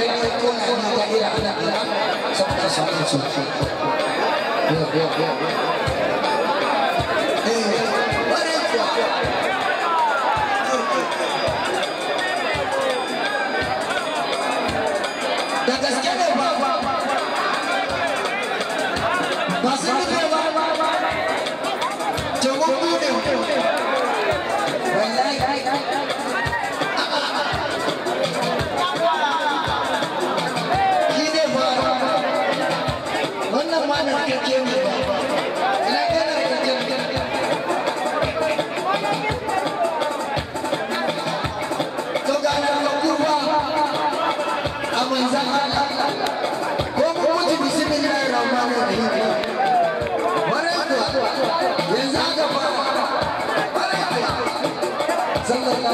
Yeah, yeah, yeah.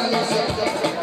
Thank you.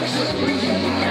Except me.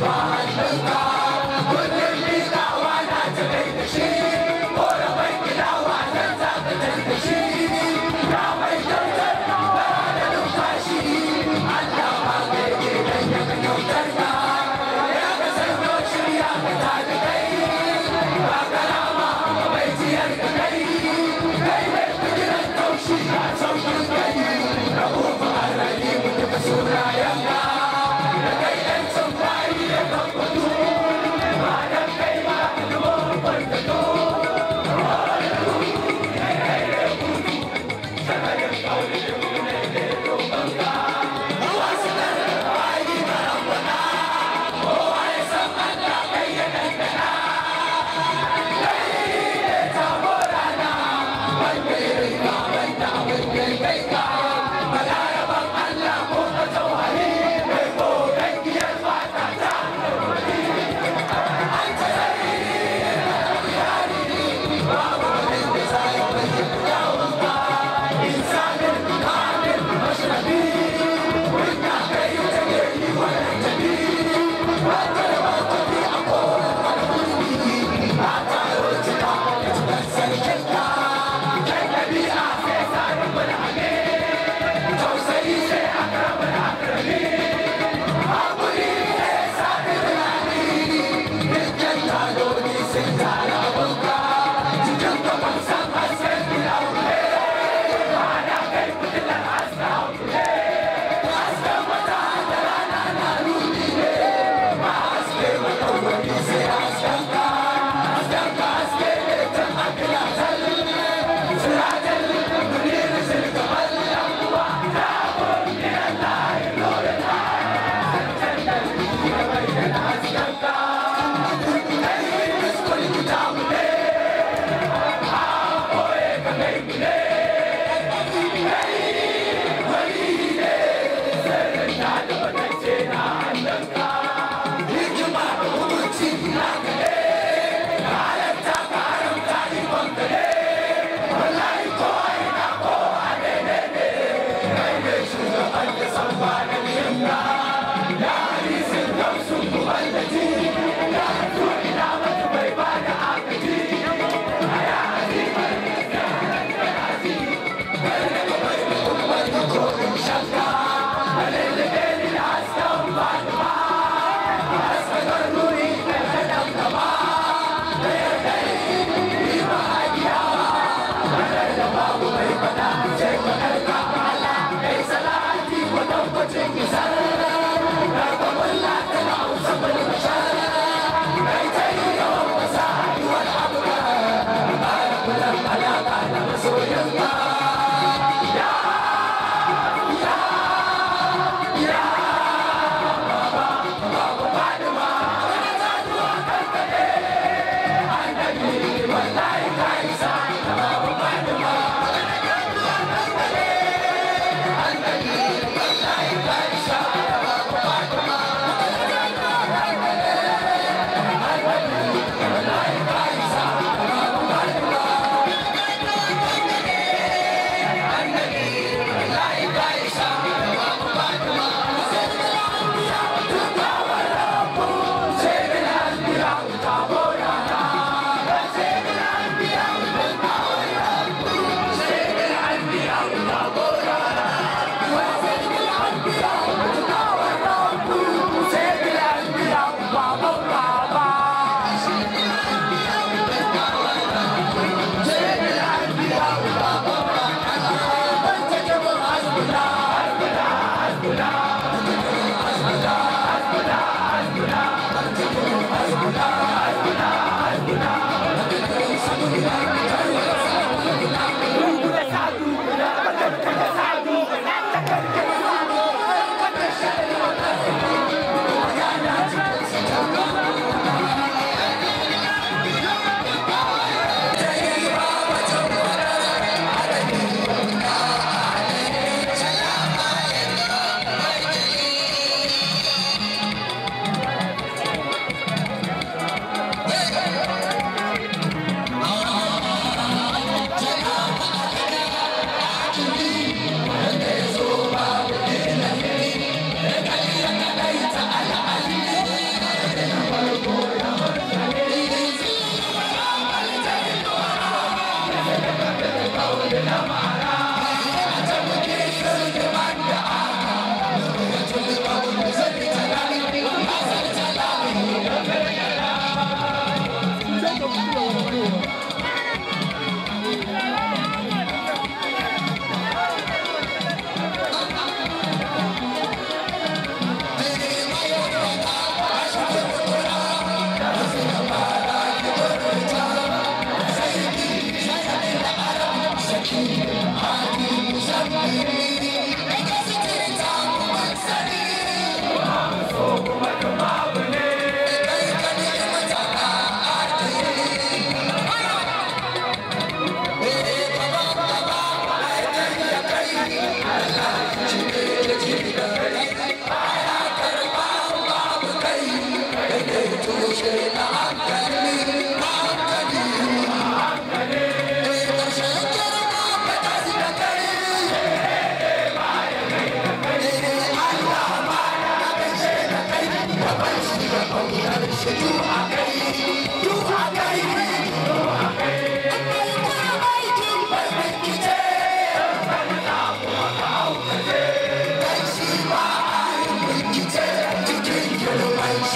Bye.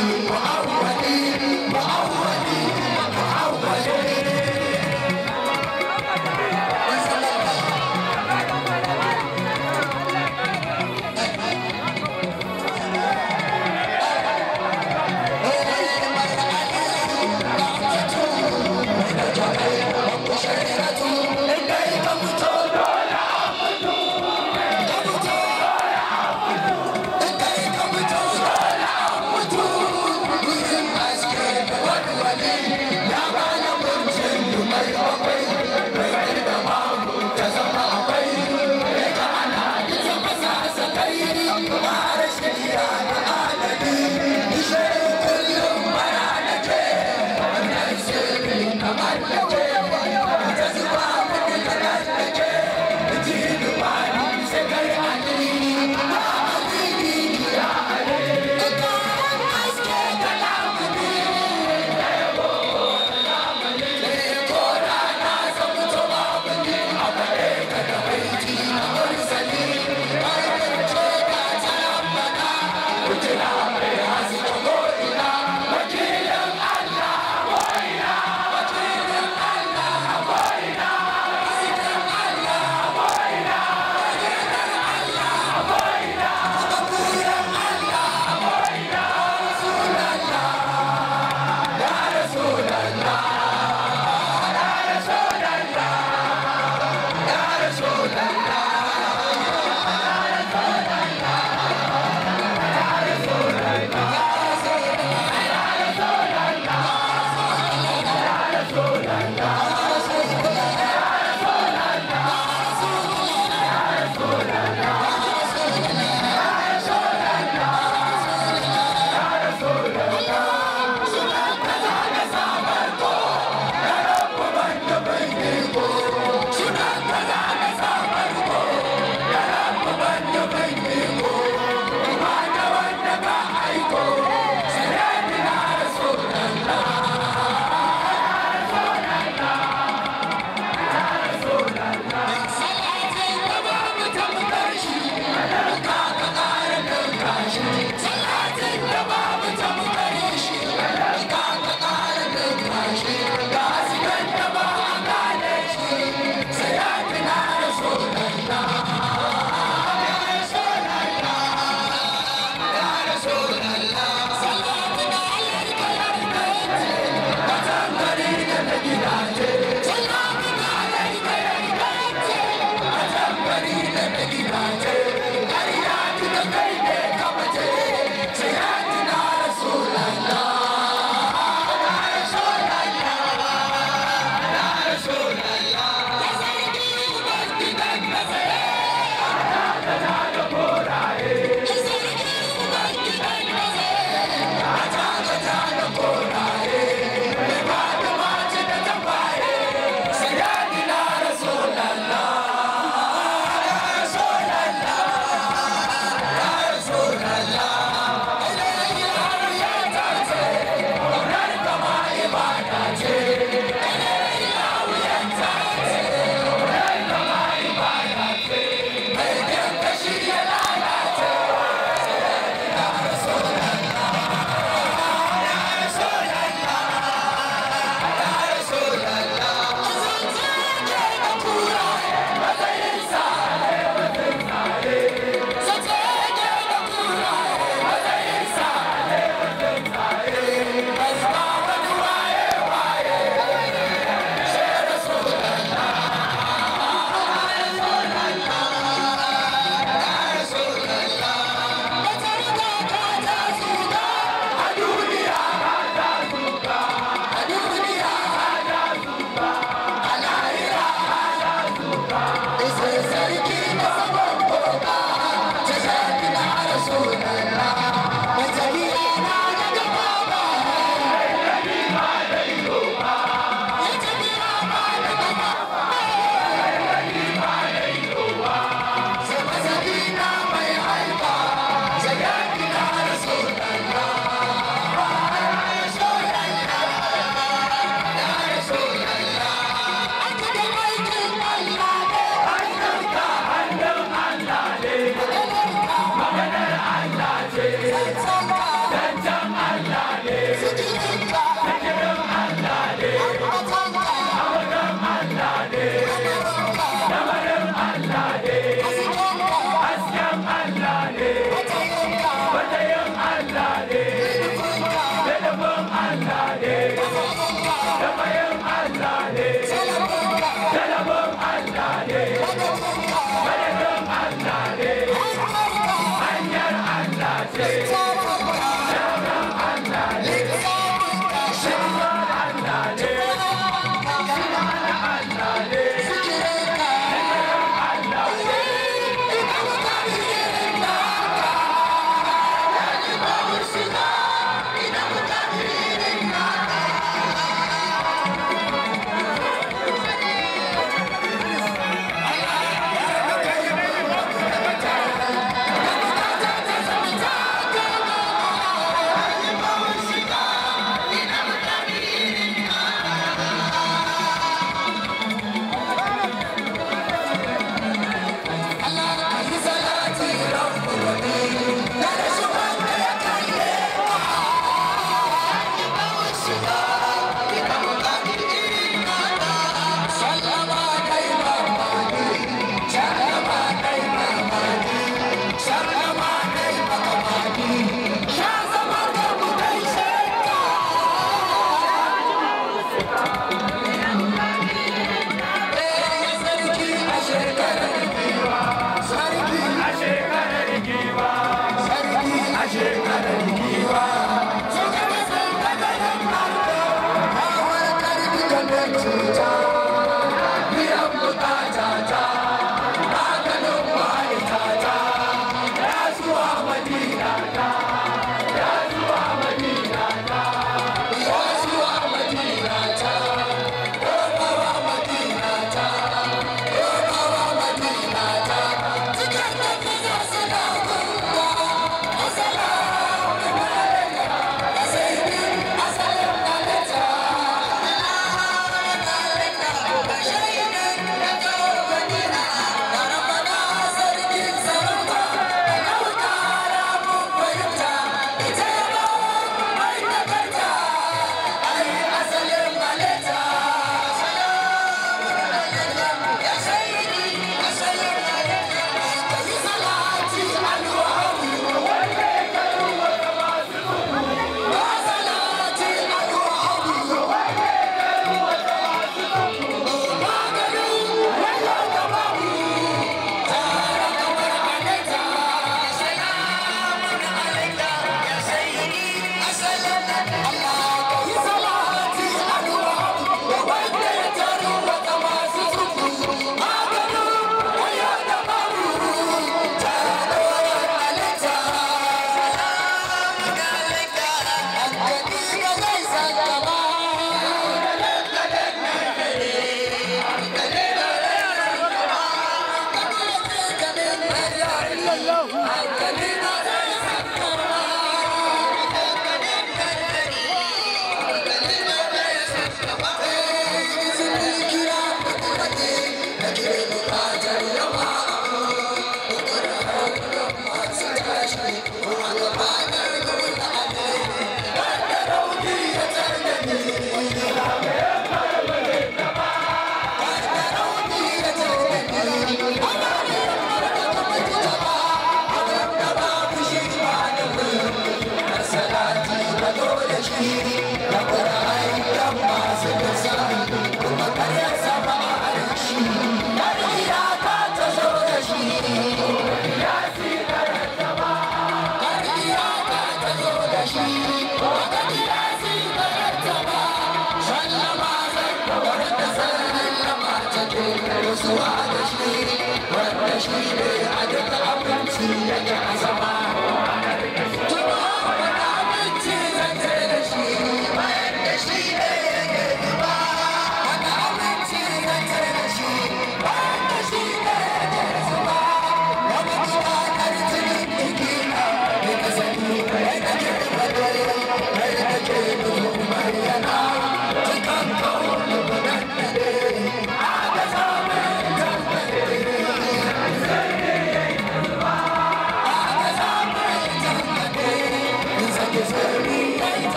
Well,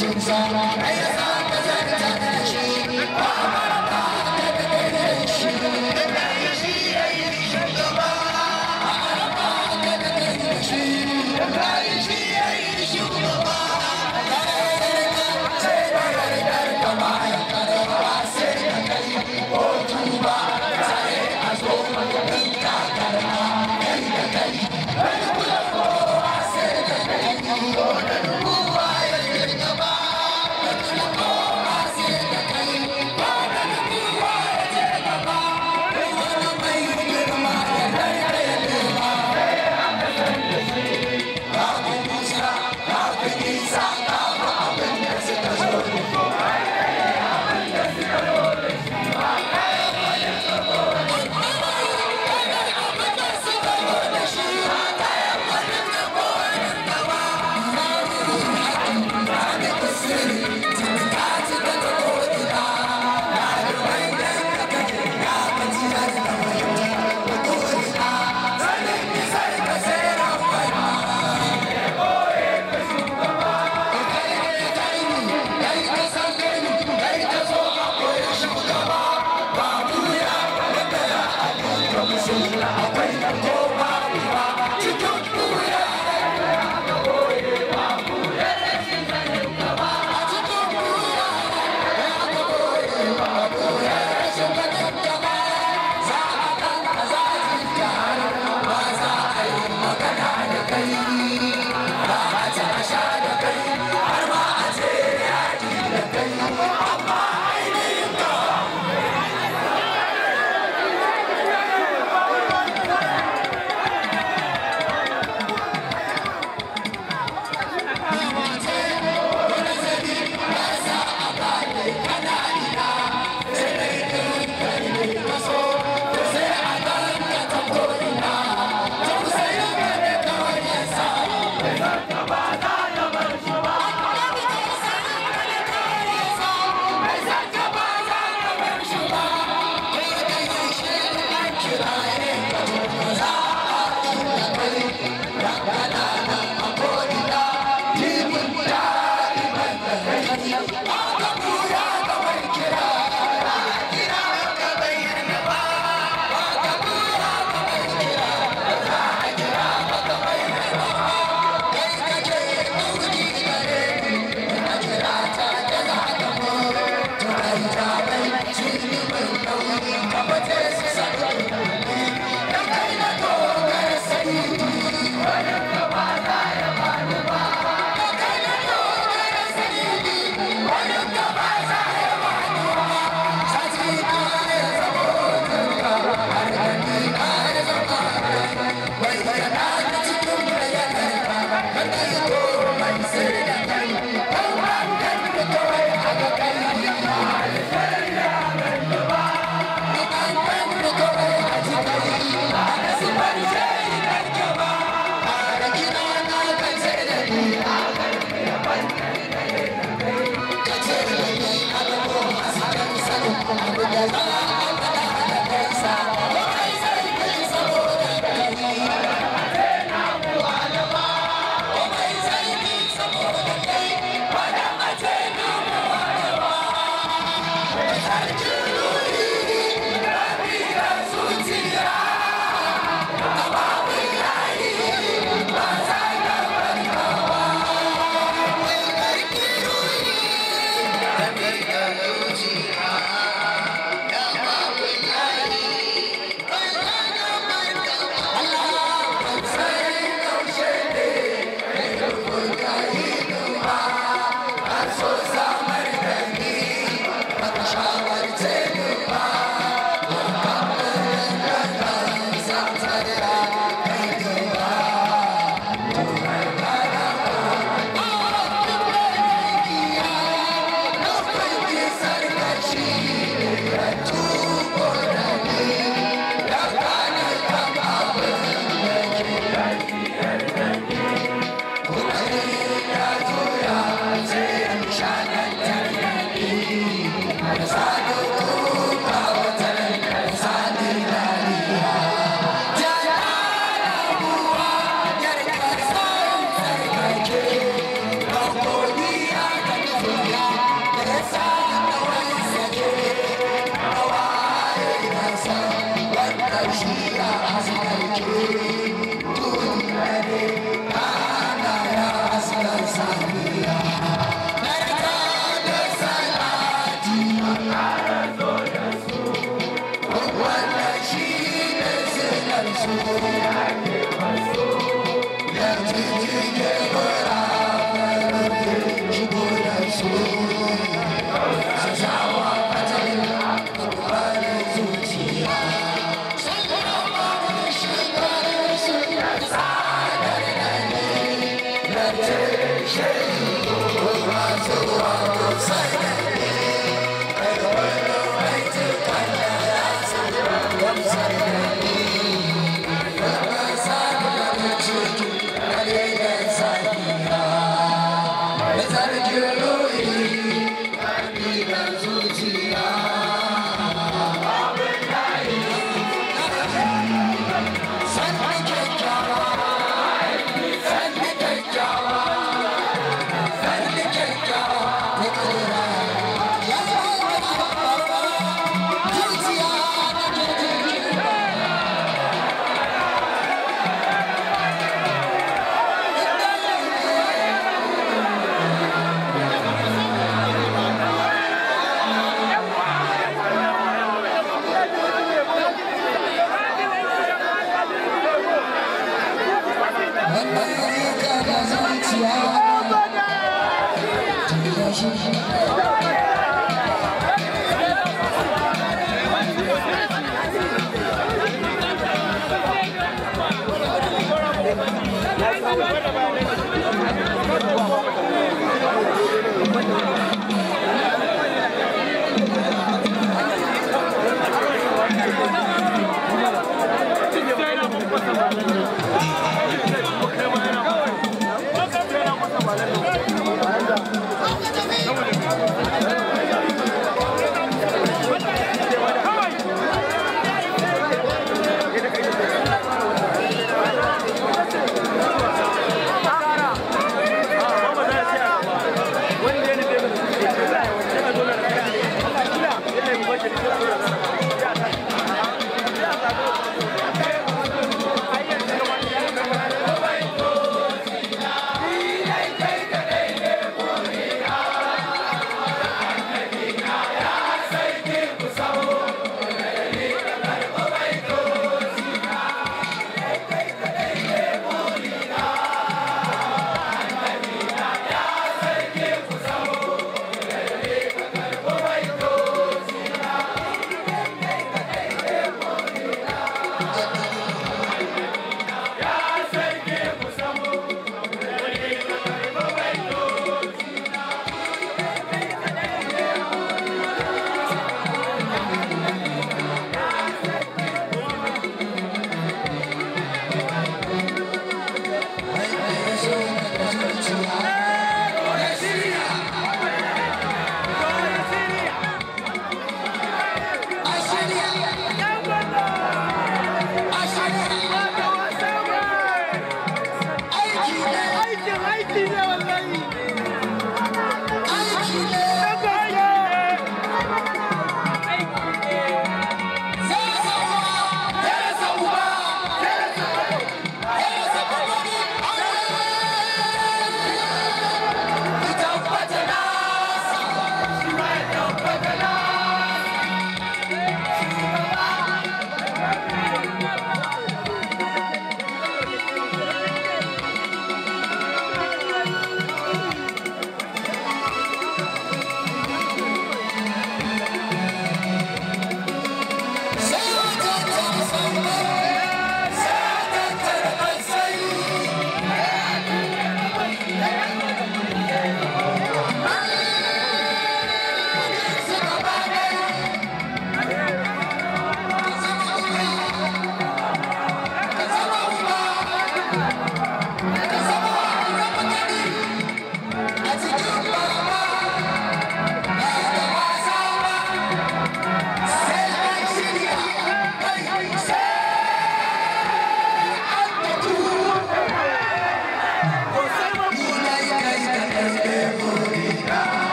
Lord,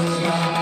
Yeah.